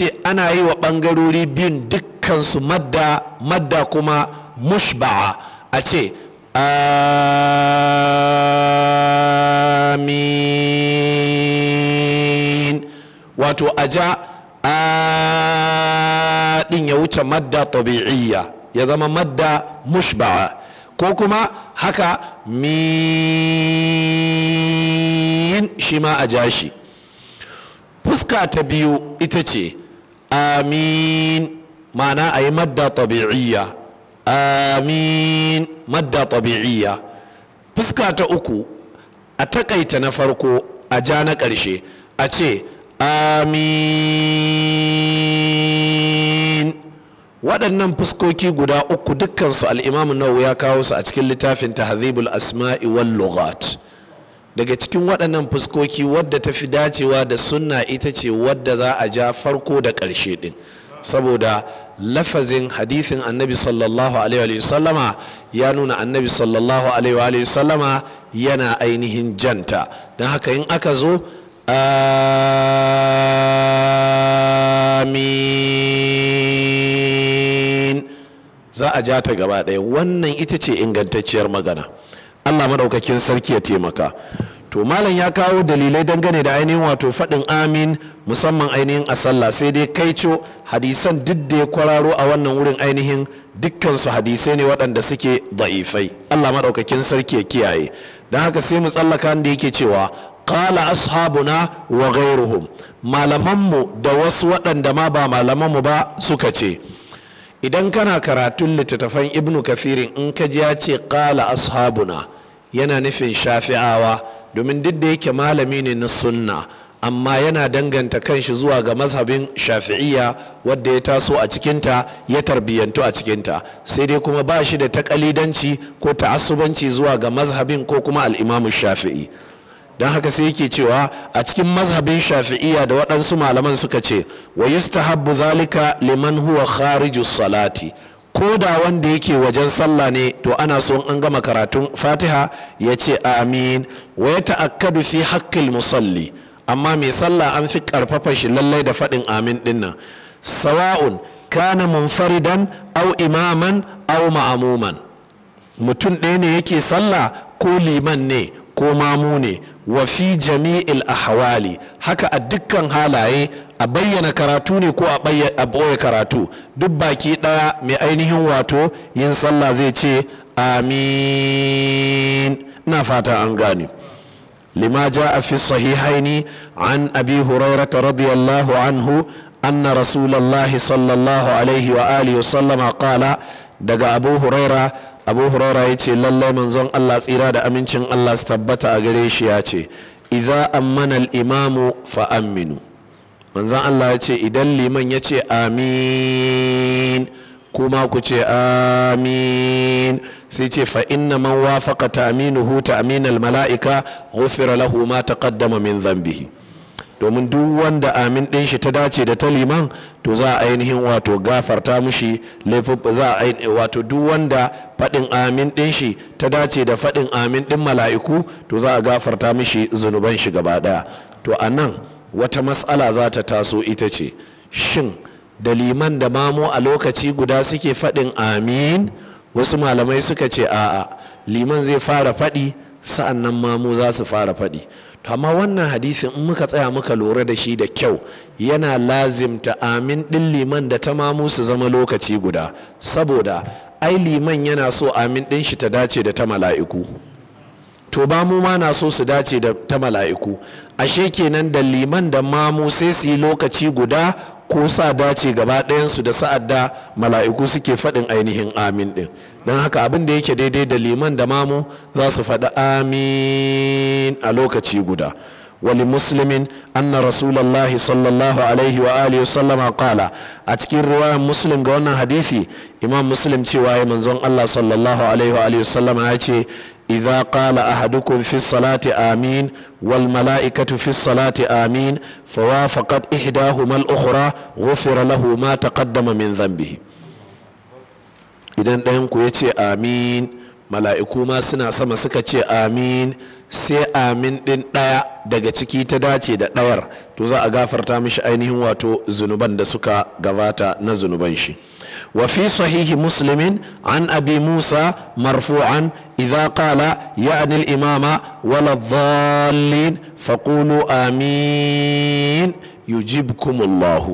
ce ana yi wa ɓangarori biyun dukkansu madda madda kuma mushba'a a ce amin wato a ja ɗin ya wuce madda tabi'iyya ya zama madda mushba'a ko kuma haka min shi ma a ja shi fuska ta biyu ita ce amin ma'ana ayi madda tabi'iyya amin madda tabi'iyya fuska ta uku a takaita na farko a ja na ƙarshe a ce amin waɗannan fuskoki guda uku dukkansu al'imamu nawa ya kawo su a cikin littafin tahzibul asma'i wal lughat daga cikin waɗannan fuskoki wadda ta fi dacewa da sunna ita ce wadda za a ja farko da ƙarshe ɗin saboda lafazin hadithin annabi sallallahu alaihi sallama ya nuna annabi sallallahu alaihi sallama yana ainihin janta don haka in aka zo amin za a ja ta gaba ɗaya wannan ita ce ingantacciyar magana allah maɗaukakin sarki ya taimaka to malam ya kawo dalilai dangane da ainihin wato faɗin amin musamman ainihin a sallah sai dai kai co hadisan duk da ya kwararo a wannan wurin ainihin dukkansu hadisai ne waɗanda suke da'ifai allah maɗaukakin sarki ya kiyaye don haka sai mu tsallaka da yake cewa ƙala ashabuna wa ghairuhum malamanmu da wasu waɗanda ma ba malamanmu ba suka ce idan kana karatun littattafan ibnu kathirin in ka ji ya ce qala ashabuna yana nufin shafi'awa domin duk da yake malami ne na sunna amma yana danganta kanshi zuwa ga mazhabin shafi'iyya wadda ya taso a cikinta ya tarbiyyantu a cikinta sai dai kuma ba shi da takalidanci ko ta'assubanci zuwa ga mazhabin ko kuma al'imamu shafi'i don haka sai yake cewa a cikin mazhabin shafi'iyya da waɗansu malaman suka ce wa yustahabbu zalika liman huwa kharijus salati ko da wanda yake wajen sallah ne to ana son an gama karatun fatiha ya ce amin wa ya ta'akkadu fi haqqil musalli amma mai sallah an fi karfafa shi lallai da faɗin amin dinnan sawa'un kana munfaridan au imaman au ma'amuman mutum ɗaya ne yake sallah ko liman ne ko mamu ne wa fi jami'il ahwali haka a dukkan halaye a bayyana karatu ne ko a ɓoye karatu duk baki ɗaya mai ainihin wato yin sallah zai ce amin na fata an gane lima a fi sahihaini an abi hurairata radiyallahu anhu anna rasulallahi sallallahu alaihi wa alihi sallama qala daga abu huraira abu huraira ya ce lallai manzon allah tsira da amincin allah su tabbata a gare shi ya ce idza an manal imamu fa aminu manzan Allah ya ce idan liman ya ce amin kuma ku ce amin sai ce fa inna man wafaka ta'minuhu huta aminal malaika ghufira lahu ma taqaddama min zambihi domin duk wanda amin din shi ta dace da ta liman to za a ainihin wato gafarta mushi za a wato duk wanda faɗin amin din shi ta dace da faɗin amin din mala'iku to za a gafarta mushi zunuban shi gaba ɗaya to a nan wata matsala za ta taso ita ce shin da liman da mamo a lokaci guda suke faɗin amin wasu malamai suka ce a'a liman zai fara faɗi sa'an nan mamu za su fara faɗi amma wannan hadisin in muka tsaya muka lura da shi da kyau yana lazimta amin ɗin liman da ta mamu su zama lokaci guda saboda ai liman yana so amin ɗin shi ta dace da ta mala'iku to ba mu ma na so su dace da ta mala'iku ashe kenan da liman da mamu sai su yi lokaci guda ko sa dace gaba ɗayansu da sa'ad da mala'iku suke faɗin ainihin amin ɗin don haka abin da yake daidai da liman da mamu za su faɗi amin a lokaci guda wali muslimin anna rasulallahi sallallahu alaihi wa alihi wa sallama kala a cikin riwayar muslim ga wannan hadisi imam muslim cewa ya manzon allah sallallahu alaihi wa alihi wa sallama ya ce إذا قال أحدكم في amin آمين والملائكة في الصلاة آمين فوافقت إحداهما الأخرى غفر له ما تقدم من idan إذن دهن كويتي آمين mala'iku ma suna sama suka ce amin sai amin ɗin ɗaya daga ciki ta dace da ɗayar to za a gafarta mishi ainihin wato zunuban da suka gabata na zunuban shi. وفي صحيح مسلم عن أبي موسى مرفوعا إذا قال يعني الإمام ولا الضالين فقولوا آمين يجيبكم الله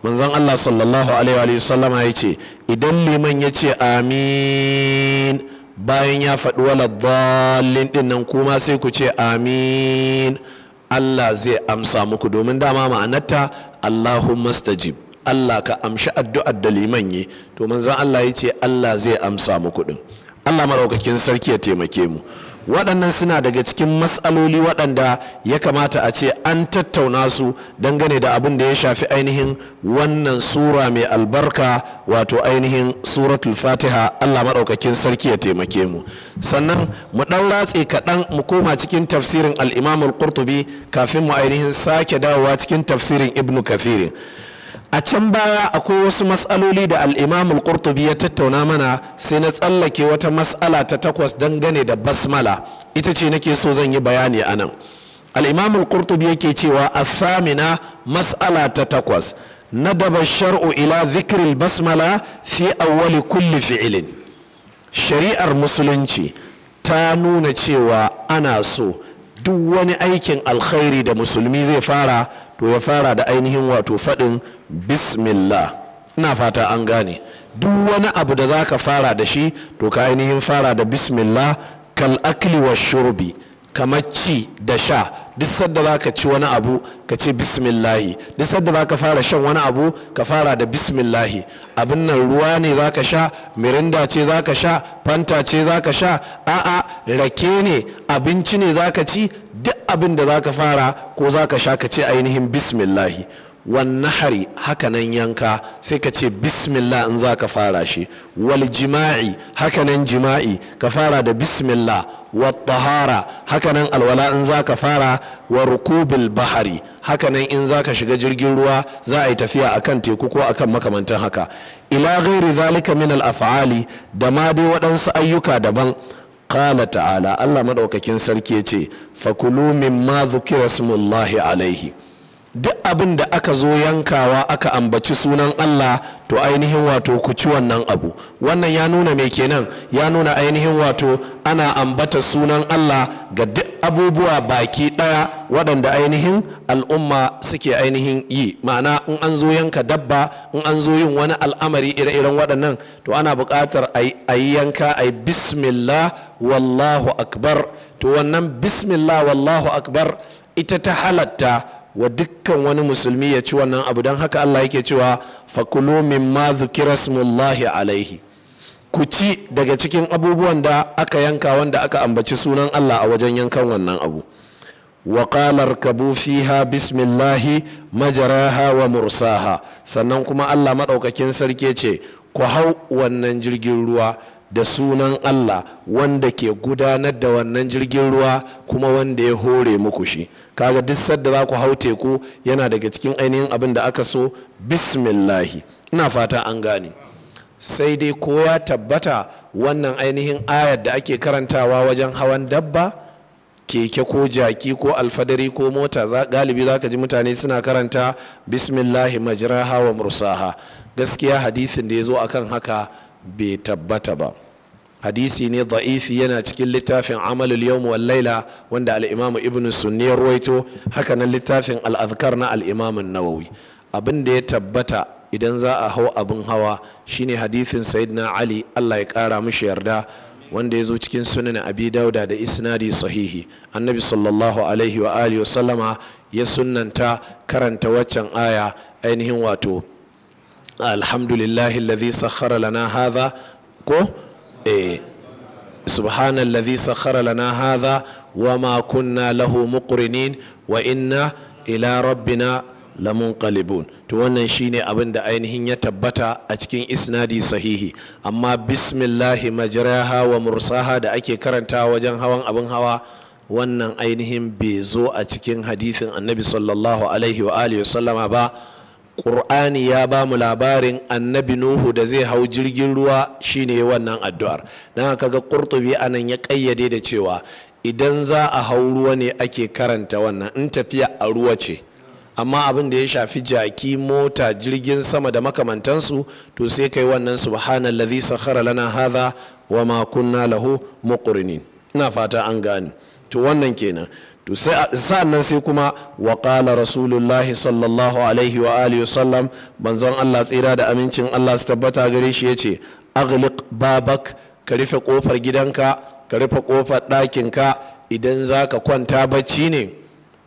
manzon Allah sallallahu alaihi wa ce idan liman ya ce amin bayan ya faɗi waladdallin din ɗinnan kuma sai ku ce amin Allah zai amsa muku domin dama ma'anarta Allahumma stajib Allah ka amshi addu'ar da liman yi to manzon Allah ya ce Allah zai amsa mu kuɗin Allah maraukakin sarki ya taimake mu waɗannan suna daga cikin matsaloli waɗanda ya kamata a ce an tattauna su dangane da abin da ya shafi ainihin wannan sura mai albarka wato ainihin suratul fatiha allah maɗaukakin sarki ya taimake mu sannan mu ɗan ratse kaɗan mu koma cikin tafsirin al'imamul qurtubi kafin mu ainihin sake dawowa cikin tafsirin ibnu kathirin a can baya akwai wasu matsaloli da al'imamul qurtubi ya tattauna mana sai na tsallake wata matsala ta takwas dangane da basmala ita ce nake so zan yi bayani a nan al'imamul qurtubi yake cewa asamina matsala ta takwas na daba shar'u ila zikril basmala fi awwali kulli fi'ilin shari'ar musulunci ta nuna cewa ana so duk wani aikin alkhairi da musulmi zai fara to ya fara da ainihin wato faɗin bismillah ina fata an gane duk wani abu da zaka fara da shi to ka ainihin fara da bismillah kal akli wa shurbi kamar ci da sha duk sadda ka ci wani abu ka ce bismillahi duk sadda ka fara shan wani abu ka fara da bismillahi abin nan ruwa ne za ka sha mirinda ce za ka sha fanta ce za ka sha a'a rake ne abinci ne za ka ci duk abin da za ka fara ko za ka sha ka ce ainihin bismillahi wan nahari hakanan yanka sai ka ce bismillah in za ka fara shi wal jima'i hakanan jima'i ka fara da bismillah wa tahara hakanan alwala in za ka fara wa rukubil bahari hakanan in za ka shiga jirgin ruwa za a yi tafiya akan teku ko akan makamantan haka ila ghairi zalika min al af'ali da ma dai waɗansu ayyuka daban qala ta'ala Allah madaukakin sarki ya ce fakulu mimma dhukira smullahi alaihi duk abin da aka zo yankawa aka ambaci sunan Allah to ainihin wato ku ci wannan abu wannan ya nuna me kenan ya nuna ainihin wato ana ambata sunan Allah ga duk abubuwa baki ɗaya waɗanda ainihin al'umma suke ainihin yi ma'ana in an zo yanka dabba in an zo yin wani al'amari ire-iren waɗannan to ana buƙatar a yi yanka a yi bismillah wallahu akbar to wannan bismillah wallahu akbar ita ta halatta wa dukkan wani musulmi ya ci wannan abu don haka Allah yake cewa fakulu min ma zukirasmullahi alaihi ku ci daga cikin abubuwan da aka yanka wanda aka ambaci sunan Allah a wajen yankan wannan abu wa qalar kabu fiha bismillahi majaraha wa mursaha sannan kuma Allah maɗaukakin sarki ce ku hau wannan jirgin ruwa da sunan Allah wanda ke gudanar da wannan jirgin ruwa kuma wanda ya hore muku shi kaga duk sadda za ku hau teku yana daga cikin ainihin abin da aka so bismillahi ina fata an gane sai dai ko ya tabbata wannan ainihin ayar da ake karantawa wajen hawan dabba keke ko jaki ko alfadari ko mota galibi za ka ji mutane suna karanta bismillahi majraha wa mursaha gaskiya hadisin da ya zo akan haka bai tabbata ba hadisi ne da'ifi yana cikin littafin amalul yawm wal laila wanda al-imamu ibn sunni ya ruwaito haka nan littafin al-azkar na al-imam an-nawawi abin da ya tabbata idan za a hau abin hawa shine hadisin sayyidina ali Allah ya kara mishi yarda wanda ya zo cikin sunan abi dauda da isnadi sahihi annabi sallallahu alaihi wa alihi wasallama ya sunnanta karanta waccan aya ainihin wato alhamdulillahi alladhi sakhkhara lana hadha ko eh subhanallazi sakhara lana hadha wa ma lahu muqrinin wa inna ila rabbina lamunqalibun to wannan shine abin da ainihin ya tabbata a cikin isnadi sahihi amma bismillahi majraha wa mursaha da ake karanta wajen hawan abin hawa wannan ainihin bai zo a cikin hadisin annabi sallallahu ba ƙur'ani ya ba mu labarin annabi nuhu da zai hau jirgin ruwa shine wannan addu'ar na ka ga ƙurtubi anan ya ƙayyade da cewa idan za a hau ruwa ne ake karanta wannan in tafiya a ruwa ce amma abin da ya shafi jaki mota jirgin sama da makamantansu to sai kai wannan subhanallazi sakhara lana hadha wa ma kunna lahu muqrinin ina fata an gane to wannan kenan to sa'annan sai kuma wa qala sallallahu alaihi wa alihi sallam manzon Allah tsira da amincin Allah su tabbata gare shi yace aghliq babak ka rufe kofar gidanka ka rufe kofar ɗakinka idan za ka kwanta bacci ne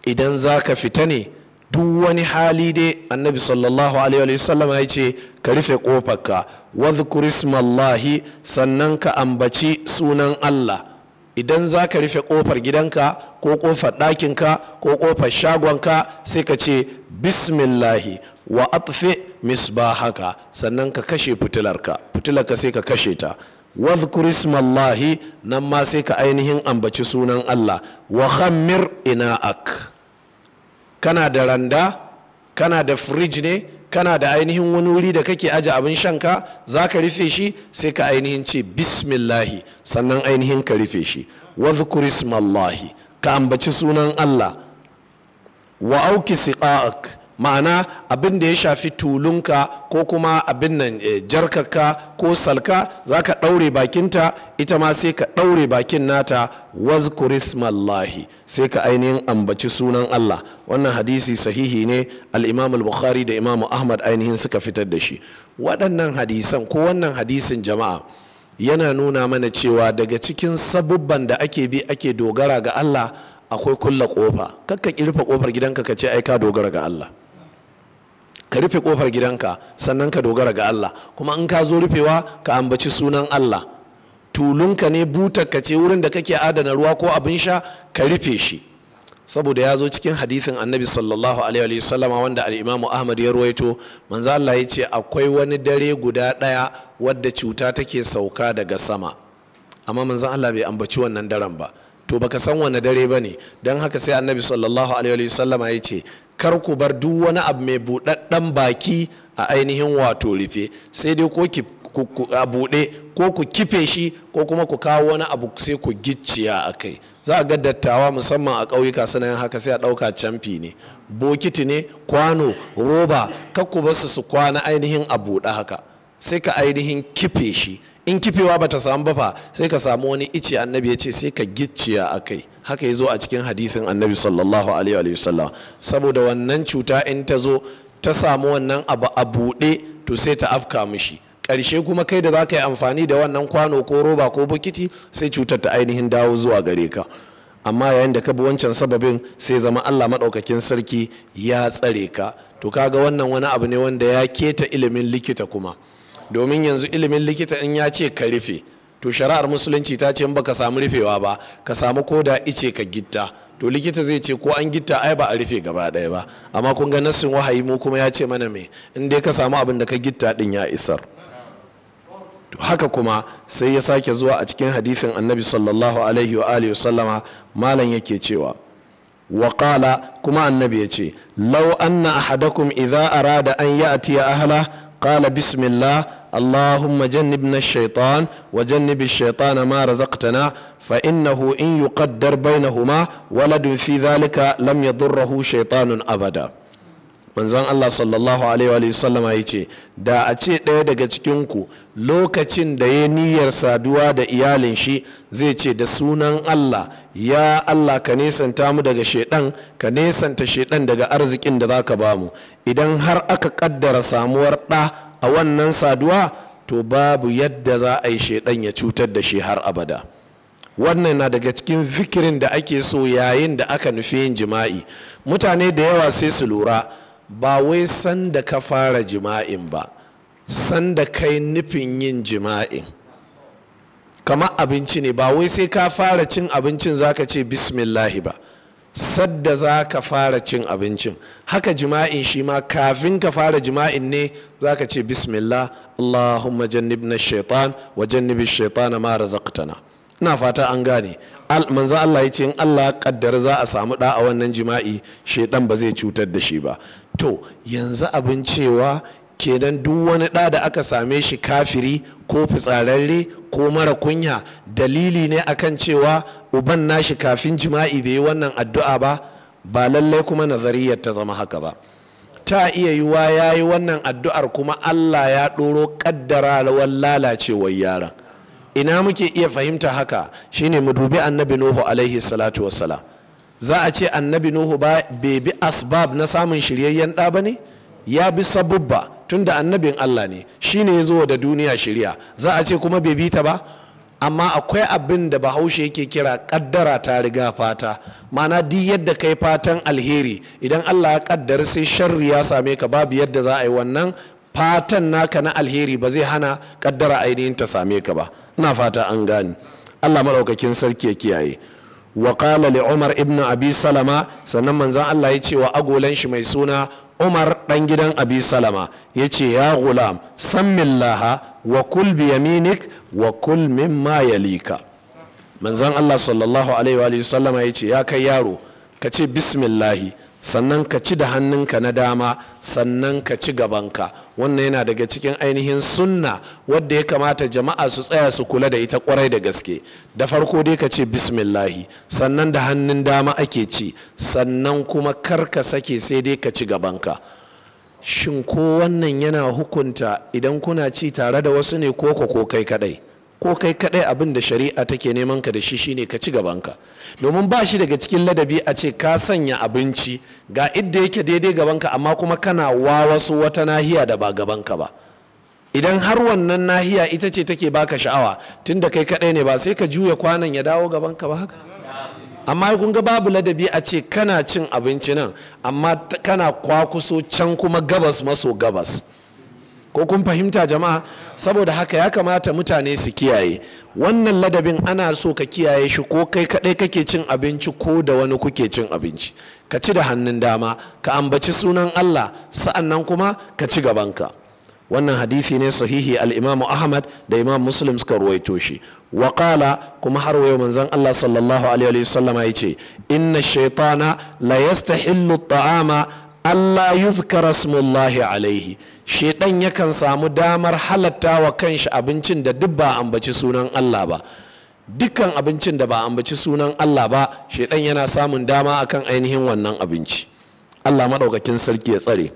idan za ka fita ne duk wani hali dai annabi sallallahu alaihi wasallam ya ce ka rufe kofarka wadhkur ismallahi sannan ka ambaci sunan Allah idan za ka rufe kofar gidanka ko ƙofar ɗakinka ko ƙofar shagonka sai ka ce bismillahi wa atfi misbahaka sannan ka kashe fitilarka fitilarka sai ka kashe ta wadhkur ismallahi nan ma sai ka ainihin ambaci sunan Allah wa ina ina'ak kana da randa kana da firij ne kana da ainihin wani wuri da kake aje abin shanka za ka rufe shi sai ka ainihin ce bismillahi sannan ainihin ka rufe shi wa ka ambaci sunan allah wa auki siqa'ak ma'ana abin da ya shafi tulunka ko kuma abin nan eh, jarkaka ko salka za ka ɗaure bakinta ita ma sai ka ɗaure bakin nata waz kurismallahi sai ka ainihin ambaci sunan Allah wannan hadisi sahihi ne al-imam bukhari da imamu ahmad ainihin suka fitar da shi waɗannan hadisan ko wannan hadisin jama'a yana nuna mana cewa daga cikin sabubban da ake bi ake dogara ga Allah akwai kulla kofa kakka kirfa kofar gidanka ka ce ai ka dogara ga Allah ka rufe kofar gidanka sannan ka dogara ga Allah kuma in ka zo rufewa ka ambaci sunan Allah tulunka ne ka ce wurin da kake adana ruwa ko abin sha ka rufe shi saboda ya zo cikin hadisin annabi sallallahu alaihi wasallama wanda al-imamu ahmad ya ruwaito manzo Allah ya ce akwai wani dare guda ɗaya wadda cuta take sauka daga sama amma manzo Allah bai ambaci wannan daren ba to baka san wani dare ba ne don haka sai annabi sallallahu alaihi wasallama ya ce kar ku bar duk wani abu mai buɗaɗɗen baki a ainihin wato rufe sai dai ko ki a buɗe ko ku kife shi ko kuma ku kawo wani abu sai ku gicciya a kai za a ga dattawa musamman a ƙauyuka suna yin haka sai a ɗauka camfi ne bokiti ne kwano roba kakku ba su kwana ainihin a buɗe haka sai ka ainihin kife shi in kifewa ta samu bafa sai ka samu wani ice annabi ya ce sai ka gicciya a kai haka ya zo a cikin hadisin annabi sallallahu alaihi wasallam saboda wannan cuta in ta zo ta samu wannan abu a buɗe to sai ta afka mishi ƙarshe kuma kai da za ka yi amfani da wannan kwano ko roba ko bukiti sai cutar ta ainihin dawo zuwa gare ka amma yayin da ka bi wancan sababin sai zama allah maɗaukakin sarki ya tsare ka to kaga wannan wani abu ne wanda ya keta ilimin likita kuma domin yanzu ilimin likita in ya ce ka rufe to shari'ar musulunci ta ce in baka samu rufewa ba ka samu koda ice ka gitta to likita zai ce ko an gitta ai ba a rufe gaba ɗaya ba amma kun ga nassin wahayi mu kuma ya ce mana me in dai ka samu abin da ka gitta din ya isar To haka kuma sai ya sake zuwa a cikin hadisin annabi sallallahu alaihi wa alihi sallama malam yake cewa wa qala kuma annabi ya ce law anna ahadakum idza arada an ya'tiya ahla qala bismillah اللهم جنبنا الشيطان وجنب الشيطان ما رزقتنا فإنه إن يقدر بينهما ولد في ذلك لم يضره شيطان أبدا manzon Allah sallallahu alaihi wa sallama ya ce da a ce ɗaya daga cikinku lokacin da ya niyyar saduwa da iyalin shi zai ce da sunan Allah ya Allah ka nesanta mu daga shaidan ka nesanta shaidan daga arzikin da zaka bamu idan har aka kaddara samuwar ɗa a wannan saduwa to babu yadda za a yi shaidan ya cutar da shi har abada wannan na daga cikin fikirin da ake so yayin da aka nufi yin jima'i mutane da yawa sai su lura ba wai sanda ka fara jima'in ba sanda kai nufin yin jima'in kamar abinci ne ba wai sai ka fara cin abincin zaka ce bismillahi ba sadda za ka fara cin abincin haka jima'in shi ma kafin ka fara jima'in ne za ka ce bismillah allahumma na shaitan wa shaitana ma razaqtana ina fata an gane manzo Allah ya ce in Allah kaddar za a samu da a wannan jima'i shaitan ba zai cutar da shi ba to yanzu abin cewa kenan duk wani ɗa da aka same shi kafiri ko fitsararre ko mara kunya dalili ne akan cewa uban nashi kafin jima'i bai yi wannan addu'a ba ba lallai kuma nazariyar ta zama haka ba ta iya yiwa ya yi wannan addu'ar kuma allah ya ɗoro ƙaddara lalacewar yaran ina muke iya fahimta haka shine mu dubi annabi nuhu alaihi salatu wassalam za a ce annabi nuhu ba bi asbab na samun shiryayyen ɗa ba ne ya bi sabubba tunda annabin allah ne shine ya zo da duniya shirya za a ce kuma bai bi ta ba amma akwai abin da bahaushe yake kira kaddara ta riga fata mana di yadda kai fatan alheri idan allah ya kaddara sai sharri ya same ka babu yadda za a yi wannan fatan naka na alheri ba zai hana kaddara ainihin ta same ka ba ina fata an gani allah maɗaukakin sarki ya kiyaye wa qala umar ibn abi salama sannan manzon allah ya ce wa agolan shi mai suna umar ɗan gidan abi salama ya ce ya gulam sammin laha wa kul biyaminik wa kul mimma yalika manzan allah sallallahu alaihi wa sallama ya ce ya kai yaro ka ce bismillahi sannan ka ci da hannunka na dama sannan ka ci gabanka wannan yana daga cikin ainihin sunna wadda ya kamata jama'a su tsaya su kula da ita kwarai da gaske da farko dai ka ce bismillahi sannan da hannun dama ake ci sannan kuma kar ka sake sai dai ka ci gabanka shin ko wannan yana hukunta idan kuna ci tare da wasu ne koko ko kai kadai ko kai kadai abin da shari'a take neman ka da shi shine ka ci gabanka domin ba shi daga cikin ladabi a ce ka sanya abinci ga idda yake daidai gabanka amma kuma kana wa wasu wata nahiya da ba gabanka ba idan har wannan nahiya ita ce take baka sha'awa tunda kai kadai ne ba sai ka juya kwanan ya dawo gabanka ba haka amma kun ga babu ladabi a ce kana cin abinci nan amma kana kwakuso can kuma gabas maso gabas ko kun fahimta jama'a saboda haka ya kamata mutane su kiyaye wannan ladabin ana so ka kiyaye shi ko kai kadai kake cin abinci ko da wani kuke cin abinci ka ci da hannun dama ka ambaci sunan Allah sa'annan kuma ka ci gabanka wannan hadisi ne sahihi al-Imam Ahmad da Imam Muslim suka ruwaito shi wa qala kuma har wayo manzon Allah sallallahu alaihi wa sallama yace inna shaytana la yastahillu at-ta'ama Allah yuzkara smullahi alaihi shedan yakan samu damar halatta wa kanshi abincin da duk ba ambaci sunan Allah ba dukkan abincin da ba ambaci sunan Allah ba shedan yana samun dama akan ainihin wannan abinci Allah maɗaukakin sarki ya tsare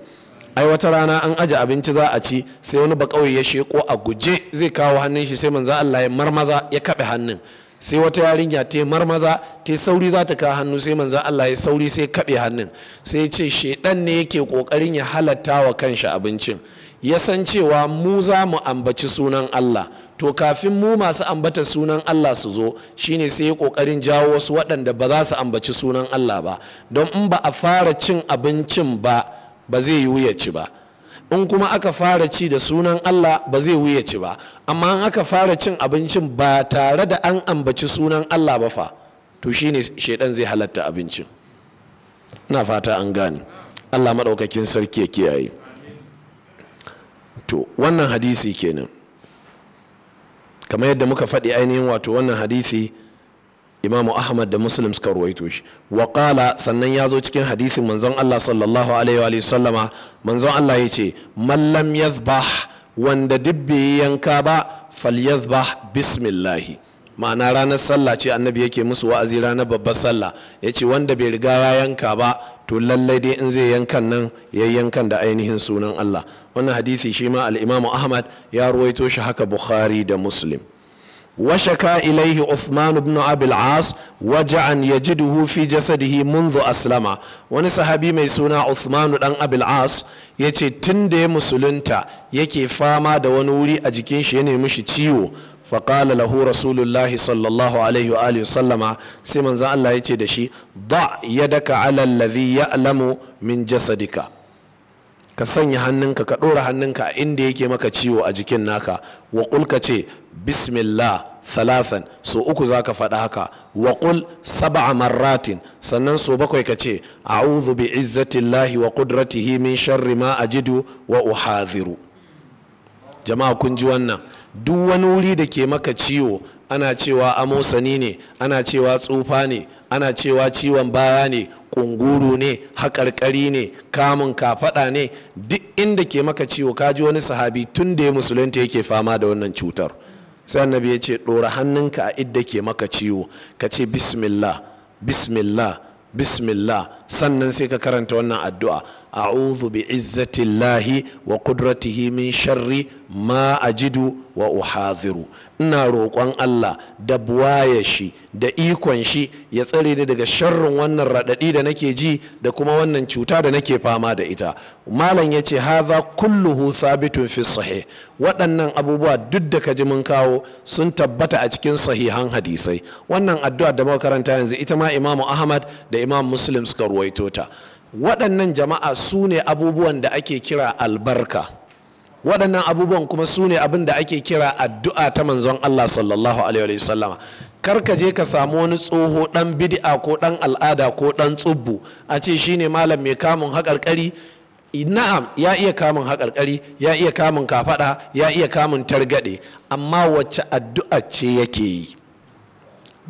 ai wata rana an aje abinci za a ci sai wani bakawai ya sheko a guje zai kawo hannun shi sai manzo Allah ya marmaza ya kabe hannun sai wata yarinya ta marmaza ta sauri za ta kawo hannu sai manzan Allah ya sauri sai kaɓe hannun sai ce shedan ne yake ƙoƙarin ya halatta wa kanshi abincin ya san cewa mu za mu ambaci sunan Allah to kafin mu masu ambata sunan Allah su zo shine sai ya ƙoƙarin jawo wasu waɗanda ba za su ambaci sunan Allah ba don in ba a fara cin abincin ba ba zai yi ya ci ba in kuma aka fara ci da sunan Allah ba zai wuya ci ba amma in aka fara cin abincin ba tare da an ambaci sunan Allah ba fa to shine shaidan zai halatta abincin na fata an gane Allah maɗaukakin sarki ya kiyaye to wannan hadisi kenan kamar yadda muka faɗi ainihin wato wannan hadisi imamu ahmad da muslim suka ruwaito shi wa qala sannan ya zo cikin hadisin manzon Allah sallallahu alaihi wa sallama manzon Allah ya ce Mallam lam yazbah wanda dibbe yanka ba fal falyazbah bismillahi ma'ana ranar sallah ce annabi yake musu wa'azi ranar babbar sallah ya ce wanda bai riga ya yanka ba to lallai dai in zai yankan nan ya yankan da ainihin sunan Allah wannan hadisi shi ma al Ahmad ya ruwaito shi haka Bukhari da Muslim وشكا إليه عثمان بن أبي العاص وجعا يجده في جسده منذ أسلم wani sahabi mai suna Uthmanu dan Abil yace ya tun da ya musulunta yake fama da wani wuri a jikin shi ya nemi shi ciwo faƙala lahu rasulullahi sallallahu alaihi wa sallama sai manzan Allah ya ce da shi da yadaka ala alladhi ya'lamu min jasadika ka sanya hannunka ka ɗora hannunka a inda yake maka ciwo a jikin naka wa ka ce bismillah thalathan so uku za ka faɗa haka wa qul sab'a marratin sannan so bakwai ka ce a a'udhu bi izzatillahi wa qudratihi min sharri ma jidu wa uhadhiru jama'a kun ji wannan duk wani wuri da ke maka ciwo ana cewa amosani ne ana cewa tsufa ne ana cewa ciwon baya ne kunguru ne haƙarƙari ne kamun kafaɗa ne duk inda ke maka ciwo kaji wani sahabi tun da ya musulunta yake fama da wannan cutar sai annabi ya ce ɗora hannunka a idda ke maka ciwo ka ce bismillah bismillah bismillah sannan sai ka karanta wannan addu'a a'udhu bi izzatillahi wa qudratihi min sharri ma ajidu wa uhadhiru ina roƙon Allah da buwaye shi da ikon shi ya tsare ni daga sharrin wannan raɗaɗi da nake ji da kuma wannan cuta da nake fama da ita malam ya ce haza kulluhu sabitun fi sahih waɗannan abubuwa duk da ka ji mun kawo sun tabbata a cikin sahihan hadisai wannan addu'a da muka karanta yanzu ita ma Imam ahmad da imam muslim suka ruwaito ta waɗannan jama'a su ne abubuwan da ake kira albarka waɗannan abubuwan kuma su ne abin da ake kira addu'a ta manzon Allah sallallahu alaihi wasallama kar ka je ka samu wani tsoho ɗan bid'a ko ɗan al'ada ko ɗan tsubbu a ce shine malam mai kamun haƙarƙari na'am ya iya kamun haƙarƙari ya iya kamun kafaɗa ya iya kamun targaɗe amma wacce addu'a ce yake yi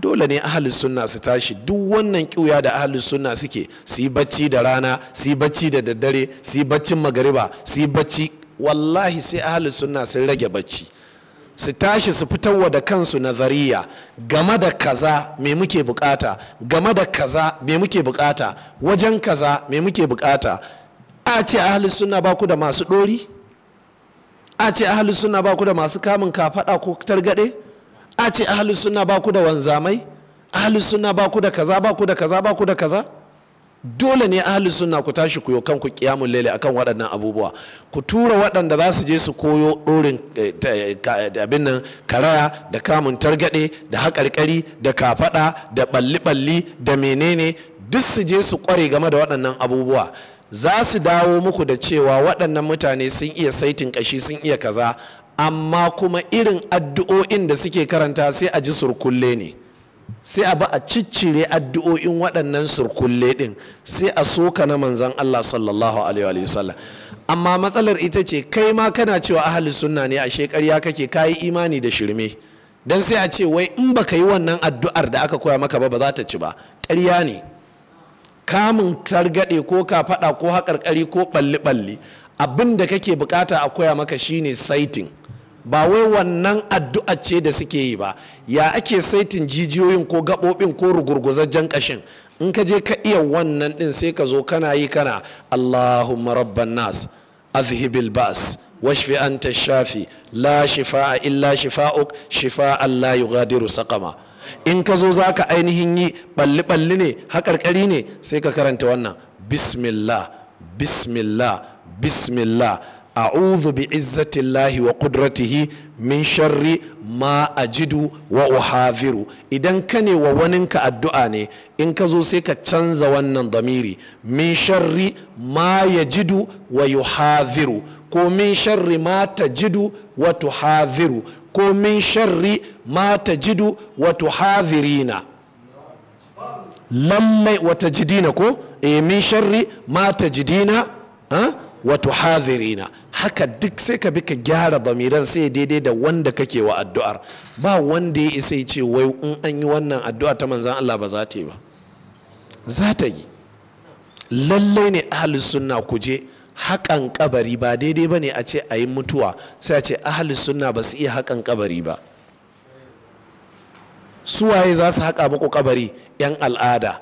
dole ne ahalin sunna su tashi duk wannan kiuya da ahalin sunna suke su yi bacci da rana su yi bacci da daddare su yi baccin magariba su yi bacci wallahi sai ahalin sunna sun rage bacci su tashi su fitarwa da kansu nazariya game da kaza me muke bukata game da kaza me muke bukata wajen kaza me muke bukata a ce ahalin sunna ba ku da masu dori a ce ahalin sunna ba ku da masu kamun kafaɗa ko gade. a ce ahli suna ba ku da wanzamai ahli suna ba ku da kaza ba ku da kaza ba ku da kaza dole ne ahli suna ku tashi ku kanku kiyamun lele akan waɗannan abubuwa ku tura waɗanda za su je su koyo ɗorin eh, eh, abin nan karaya da kamun targaɗe da haƙarƙari da kafaɗa da ɓalli-ɓalli da menene duk su je su ƙware game da waɗannan abubuwa za su dawo muku da cewa waɗannan mutane sun iya saitin ƙashi sun iya kaza amma kuma irin addu'o'in da suke karanta sai a ji surkulle ne sai a ba a ciccire addu'o'in waɗannan surkulle ɗin sai a soka na manzan Allah sallallahu alaihi wasallam amma matsalar ita ce kai ma kana cewa ahli sunna ne ashe ƙarya kake kayi imani da shirme dan sai a ce wai in baka yi wannan addu'ar da aka koya maka ba ba za ta ci ba ƙarya ne kamun targaɗe ko ka kafaɗa ko haƙarƙari ko ɓalli-ɓalli abin da kake bukata a koya maka shine saitin ba wai wannan addu'a ce da suke yi ba ya ake saitin jijiyoyin ko gaɓoɓin ko jan ƙashin in ka je ka iya wannan ɗin sai ka zo kana yi kana allahumma rabban nas azhibil bas washfi anta shafi la shifa'a illa shifa'uk Allah la yughadiru saqama in ka zo za ka ainihin yi balli balli ne haƙarƙari ne sai ka karanta wannan bismillah bismillah bismillah a'udhu bi izzatillahi wa qudratihi min sharri ma ajidu wa uhadhiru idan ka ne wa waninka addu'a ne in ka zo sai ka canza wannan damiri min sharri ma yajidu wa yuhadhiru ko min sharri ma tajidu wa tuhadhiru ko min sharri ma tajidu wa tuhadhirina lammai wa tajidina ko e min sharri ma tajidina ha? Ah, wato hadirina haka duk sai ka bi ka gyara bamiran sai daidai da wanda kake wa addu'ar ba wanda ya isa ce wai in an yi wannan addu'a ta manzan Allah ba za ta yi ba za ta yi lallai ne ahalus sunna ku je haƙan kabari ba daidai ba ne a ce a yi mutuwa sai a ce ahalus sunna ba su iya haƙan kabari ba suwaye za su haƙa muku kabari 'yan al'ada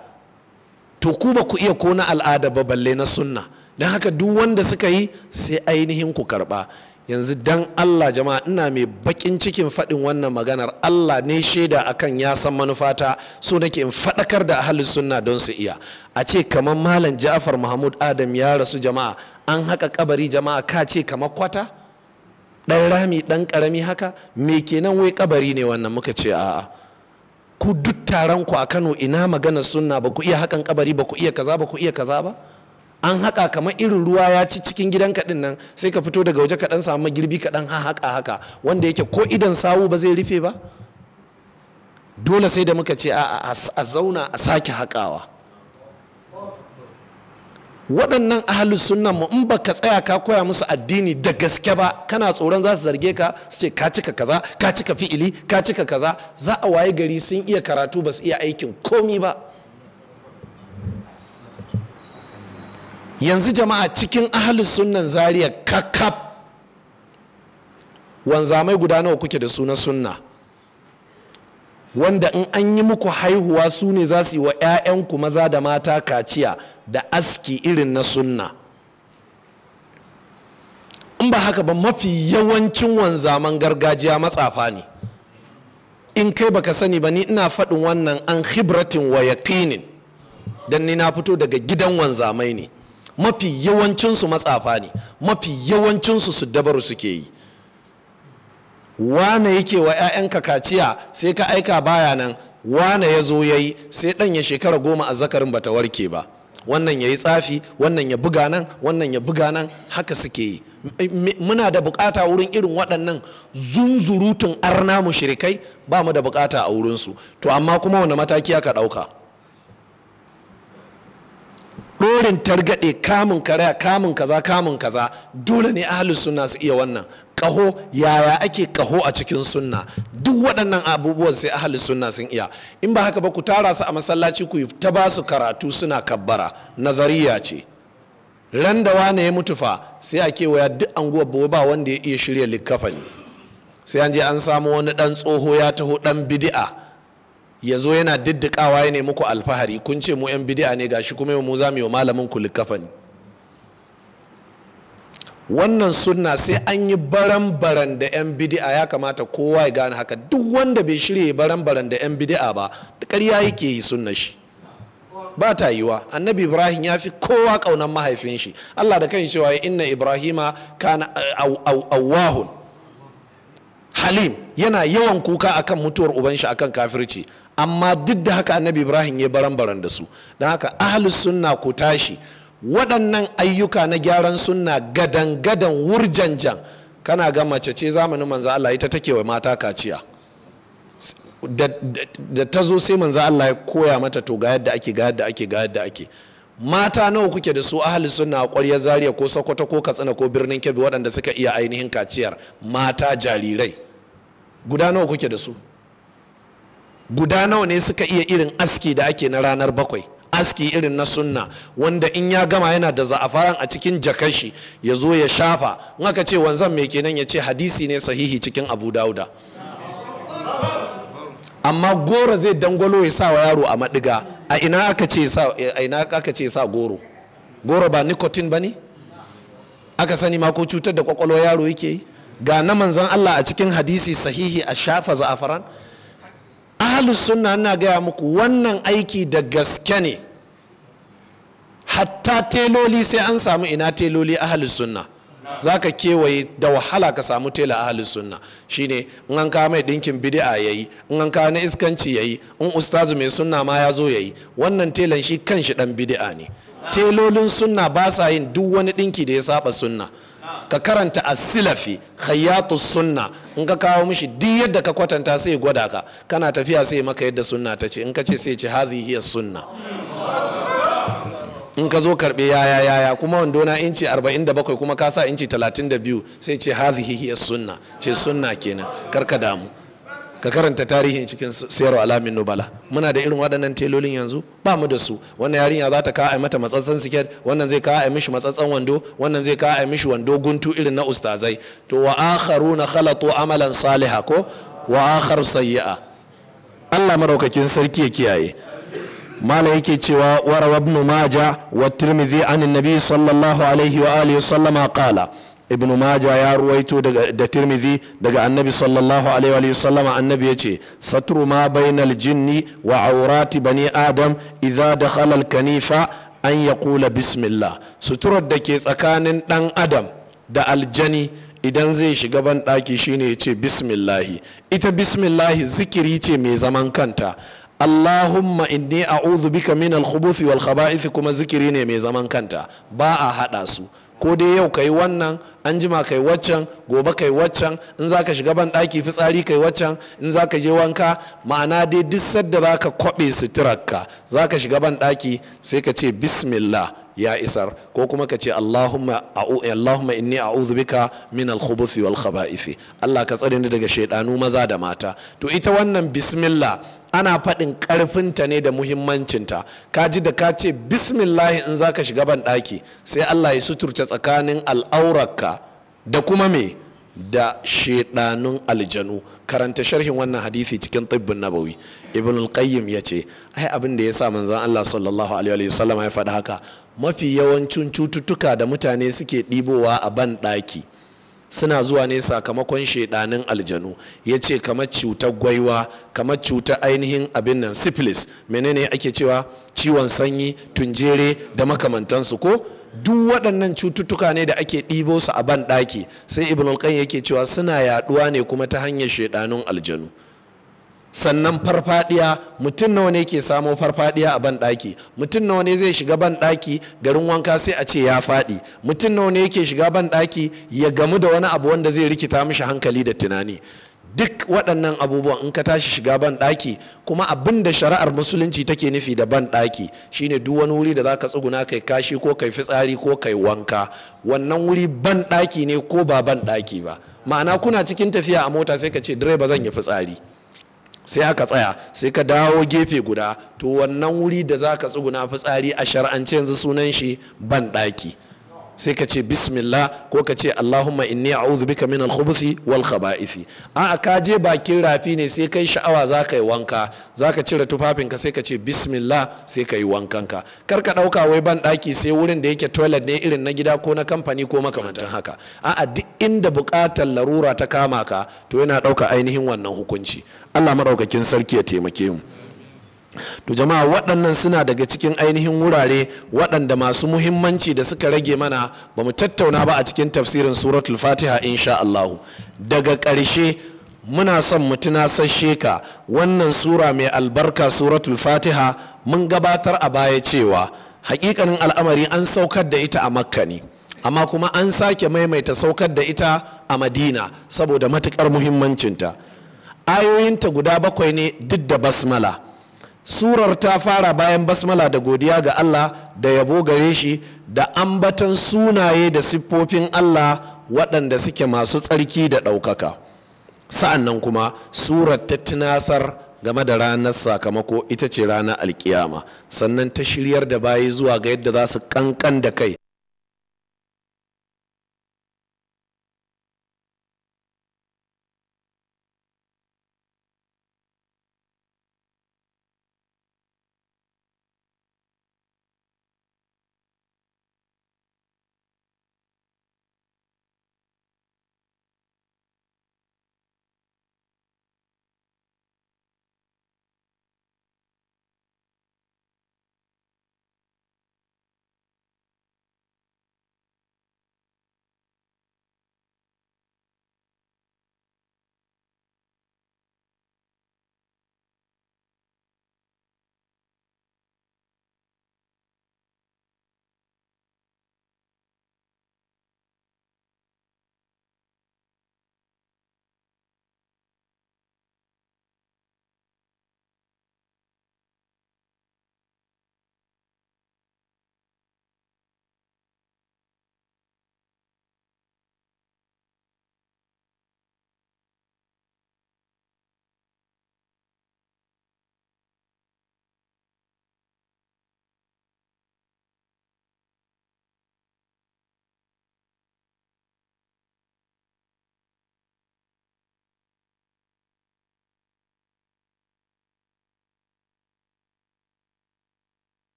to ku ba ku iya ko na al'ada ba balle na sunna don haka duk wanda suka yi sai ainihin ku karba yanzu dan Allah jama'a ina mai bakin cikin faɗin wannan maganar Allah ne shaida akan ya san manufata so nake in faɗakar da ahalin sunna don su iya a ce kamar malam Ja'far Mahmud Adam ya rasu jama'a an haka kabari jama'a ka ce kamar kwata dan rami dan karami haka me kenan wai kabari ne wannan muka ce a'a ku duk taron ku a Kano ina maganar sunna ba ku iya hakan kabari ba ku iya kaza ba ku iya kaza ba an haƙa kamar irin ruwa ya ci cikin gidan kaɗin nan sai ka fito daga waje kaɗan samu girbi kaɗan, ha haƙa haka wanda yake ko idan sawu ba zai rufe ba dole sai da muka ce a zauna a sake haƙawa waɗannan ahalus sunan mu in baka tsaya ka koya musu addini da gaske ba kana tsoron za su zarge ka su ce ka cika kaza ka cika fi'ili ka cika kaza za a waye gari sun iya karatu ba su iya aikin komi ba yanzu jama'a cikin ahalus sunnan zariya kakkaf wanzamai guda nawa kuke da suna sunna wanda in an yi muku haihuwa su ne za su yi wa 'ya'yanku maza da mata kaciya da aski irin na sunna in ba haka ba mafi yawancin wanzaman gargajiya matsafa ne in kai baka sani ba ni ina faɗin wannan an hibratin wa yaƙinin don ni na fito daga gidan wanzamai ne mafi yawancinsu matsafa ne mafi yawancinsu su dabaru suke yi wane yake wa 'ya'yanka kaciya sai ka aika baya nan wane ya zo yayi yi sai ɗan ya shekara goma a zakarin bata warke ba wannan ya yi tsafi wannan ya buga nan wannan ya buga nan haka suke yi muna da bukata wurin irin waɗannan zunzurutun arna shirikai ba mu da bukata a wurinsu to amma kuma wani mataki aka ɗauka ɗorin targaɗe kamun karaya kamun kaza kamun kaza dole ne ahli sunna su iya wannan ƙaho yaya ake kaho a cikin sunna duk waɗannan abubuwan sai ahli sunna sun iya in ba haka ba ku tara su a masallaci ku yi ta ba su karatu suna kabbara nazariya ce ran da wane ya mutu fa sai a kewaya duk anguwar ba wanda ya iya shirya likkafani sai an je an samu wani ɗan tsoho ya taho ɗan bidi'a ya zo yana diddikawa ya nemi ku alfahari kun ce mu 'yan bidi'a ne gashi kuma mu za mu yi malamin ku likafani wannan sunna sai an yi baran da 'yan bidi'a ya kamata kowa ya gane haka duk wanda bai shirya baran-baran da 'yan bidi'a ba da ƙarya yake yi sunna shi ba ta yiwa annabi ibrahim ya fi kowa ƙaunar mahaifin shi allah da kan cewa ya inna ibrahima kana awwahun halim yana yawan kuka akan mutuwar uban shi akan kafirci amma duk da haka annabi ibrahim ya baran baran da su don haka ahalus sunna ku tashi waɗannan ayyuka na gyaran sunna gadan gadan wurjanjan kana ga mace ce zamanin manzo Allah ita take wa mata kaciya da ta zo sai manzo Allah ya koya mata to ga yadda ake ga yadda ake ga yadda ake mata nawa kuke da su ahalus sunna a ƙwaryar zaria ko sokoto ko katsina ko birnin kebbi waɗanda suka iya ainihin kaciyar mata jarirai guda nawa kuke da su guda nawa ne suka iya irin aski da ake na ranar bakwai aski irin na sunna wanda in ya gama yana da za'afaran a cikin jakashi ya zo ya shafa in aka ce wanzan mai kenan ya ce hadisi ne sahihi cikin abu dauda amma goro zai dangwalo ya sa wa yaro a madiga a ina aka ce sa sa goro goro ba nicotine bane aka sani ma ko cutar da kwakwalwa yaro yake yi ga na manzon Allah a cikin hadisi sahihi a shafa za'afaran ahlus sunna na gaya muku wannan aiki da gaske ne hatta teloli sai an samu ina teloli ahlus sunna za ka kewaye da wahala ka samu tela ahlus sunna shine in an kawo mai dinkin bid'a yayi in an kawo na iskanci yayi in ustazu mai sunna ma ya zo yayi wannan telan shi kan shi dan bidi'a ne telolin sunna ba sa yin duk wani dinki da ya saba sunna ka karanta asilafi silafi sunna in ka kawo mishi duk yadda ka kwatanta sai gwada ka kana tafiya sai maka yadda sunna ta ce in ka ce sai ce hadhihi hiya sunna in ka zo karbe yaya yaya kuma wando na inci 47 kuma ka sa inci 32 sai ce hadhihi hiya sunna ce sunna kenan karka damu ka karanta tarihin cikin sayarwa alamin nubala muna da irin waɗannan telolin yanzu ba mu da su wannan yarinya za ta kawo a mata matsatsen siket wannan zai kawo a mishi matsatsen wando wannan zai kawo a mishi wando guntu irin na ustazai to wa na khalatu amalan saliha ko wa akhar sayyi'a Allah maraukakin sarki ya kiyaye mala yake cewa warawa ibn maja wa tirmidhi anin nabi sallallahu alaihi wa alihi wa sallama qala ibn maja ya ruwaito da tirmidhi daga annabi sallallahu alaihi wasallama annabi ce satru ma bainal jinni wa aurati bani adam idza dakhala al kanifa an yaqula bismillah suturar da ke tsakanin dan adam da aljani idan zai shiga ban daki shine yace bismillahi ita bismillahi zikiri ce mai zaman kanta Allahumma inni a'udhu bika min al khubuthi wal khaba'ith kuma zikiri ne mai zaman kanta ba a hada su ko dai yau kai wannan an jima kai waccan gobe kai waccan in za ka shiga ban ɗaki fitsari kai waccan in za ka je wanka ma'ana dai duk sadda za ka kwaɓe suturarka za ka shiga ban ɗaki sai ka ce bismillah ya isar ko kuma ka ce allahumma inni a'udhu bika min al wal khaba'isi Allah ka tsare ni daga shaidanu maza da mata to ita wannan bismillah ana faɗin ƙarfinta ne da muhimmancinta ka ji da ka ce bismillahi in za ka shiga ban ɗaki sai allah ya suturce tsakanin al'aurarka da kuma me da shaidanun aljanu karanta sharhin wannan hadisi cikin tibbin nabawi ibn al ya ce ai abin da ya sa manzon Allah sallallahu alaihi wasallam ya faɗi haka mafi yawancin cututtuka da mutane suke ɗibowa a ban ɗaki suna zuwa ne sakamakon shaidanin aljanu ya ce kamar cutar gwaiwa kamar cutar ainihin abin nan syphilis menene ake cewa ciwon sanyi tunjere da makamantansu ko duk waɗannan cututtuka ne da ake ɗibo su a ban ɗaki sai ibn yake cewa suna yaɗuwa ne kuma ta hanyar shaidanun aljanu sannan farfadiya mutum nawa ne ke samo farfadiya a banɗaki mutum nawa ne zai shiga banɗaki garin wanka sai a ce ya faɗi mutum nawa ne yake shiga banɗaki ya gamu da wani abu wanda zai rikita mishi hankali da tunani duk waɗannan abubuwan in ka tashi shiga banɗaki kuma abin da shari'ar musulunci take nufi da banɗaki shine duk wani wuri da za ka tsuguna kai kashi ko kai fitsari ko kai wanka wannan wuri banɗaki ne ko ba banɗaki ba ma'ana kuna cikin tafiya a mota sai ka ce direba zan yi fitsari sai aka tsaya sai ka dawo gefe guda to wannan wuri da za ka tsuguna fitsari a shar'ance yanzu sunan shi ban ɗaki sai ka ce bismillah ko ka ce allahumma inni a'udhu bika min al wal khaba'isi a ka je bakin rafi ne sai kai sha'awa za ka yi wanka za ka cire tufafinka sai ka ce bismillah sai ka yi wankanka kar ka ɗauka wai ban ɗaki sai wurin da yake toilet ne irin na gida ko na kamfani ko makamantan haka a'a duk inda buƙatar larura ta kama ka to yana ɗauka ainihin wannan hukunci allah maɗaukakin sarki ya taimake mu to jama'a waɗannan suna daga cikin ainihin wurare waɗanda masu muhimmanci da suka rage mana ba mu tattauna ba a cikin tafsirin suratul fatiha insha Allah daga ƙarshe muna son mutuna tunasashe ka wannan sura mai albarka suratul fatiha mun gabatar a baya cewa hakikanin al'amari an saukar da ita a makka ne amma kuma an sake maimaita saukar da ita a madina saboda matukar muhimmancinta ayoyinta guda bakwai ne duk da basmala surar ta fara bayan basmala da godiya ga Allah da yabo gare shi da ambatan sunaye da siffofin Allah waɗanda suke masu tsarki da ɗaukaka sa'an nan kuma surar ta tunasar game da ranar sakamako ita ce ranar alkiyama sannan ta shiryar da bayi zuwa ga yadda za su kankan da kai